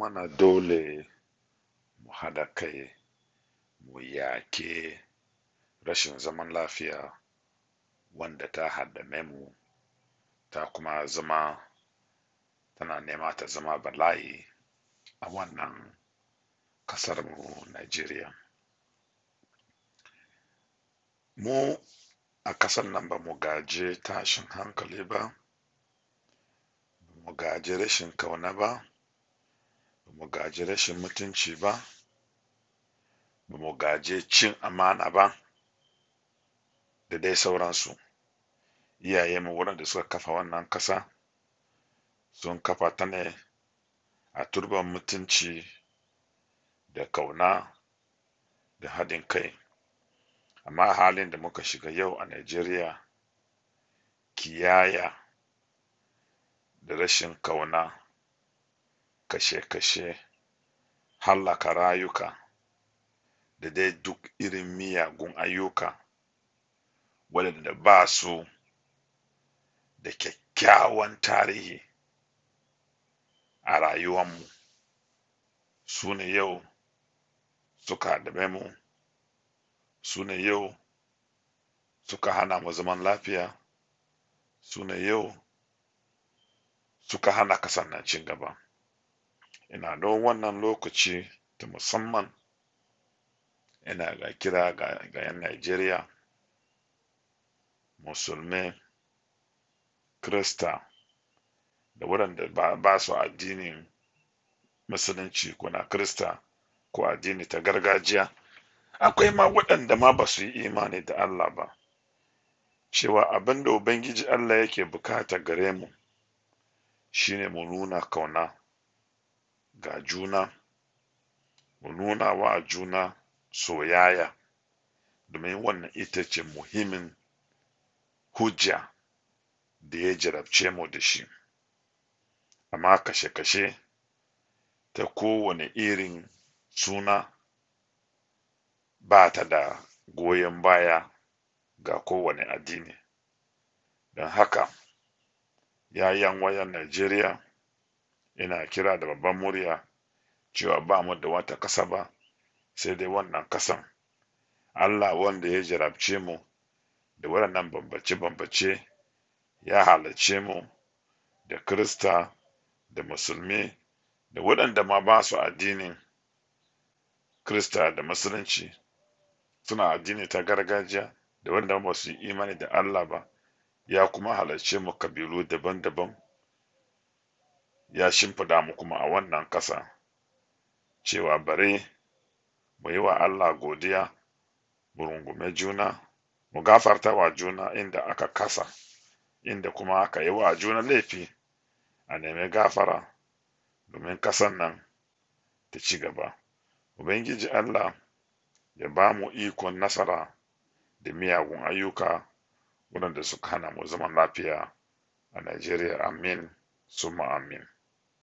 mana dole mu hada kai mu yake rashin zaman lafiya wanda ta haddame mu ta kuma zama tana nema ta zama bala'i a wannan mu Najeriya. Mu a ƙasar nan ba mu gaje tashin hankali ba, mu gaje rashin kauna ba, ba mu gaji rashin mutunci ba ba mu gaji cin amana ba da dai sauransu iyaye mu da suka kafa wannan kasa sun kafa ta ne a turban mutunci da kauna da haɗin kai amma halin da muka shiga yau a Najeriya kiyaya da rashin kauna kashe-kashe hallaka rayuka da dai duk irin miyagun ayyuka waɗanda ba su da kyakkyawan tarihi a rayuwanmu su ne yau suka haɗabe mu su ne yau suka hana mu zaman lafiya su ne yau suka hana kasan gaba ina don wannan lokaci ta musamman ina ga kira ga 'yan Najeriya musulmi krista da waɗanda ba su addinin musulunci ko na krista ko addini ta gargajiya akwai ma waɗanda ma ba su yi imani da Allah ba cewa abinda ubangiji Allah yake bukata gare mu shine mu nuna kauna ga juna mu nuna wa a juna soyaya domin wannan ita ce muhimmin hujja da ya jarabce mu da shi amma kashe-kashe ta kowane irin suna ba ta da goyon baya ga kowane addini don haka yayan wayan najeriya ina kira da babban murya cewa ba mu da wata ƙasa ba sai dai wannan ƙasan allah wanda ya jarabce mu da waɗannan bambace-bambace ya halarce mu da krista da musulmi da waɗanda ma ba su addinin krista da musulunci suna addini ta gargajiya da wanda ba su imani da allah ba ya kuma halarce mu kabilu daban-daban ya shimfida mu kuma a wannan ƙasa, cewa bare mu yi wa Allah godiya, mu rungume juna, mu gafarta wa juna inda aka kasa, inda kuma aka yi wa juna laifi a nemi gafara domin ƙasan nan ta ci gaba. Ubangiji Allah ya ba mu ikon nasara da miyagun ayyuka waɗanda suka hana mu zaman lafiya a Najeriya. Amin, suma amin.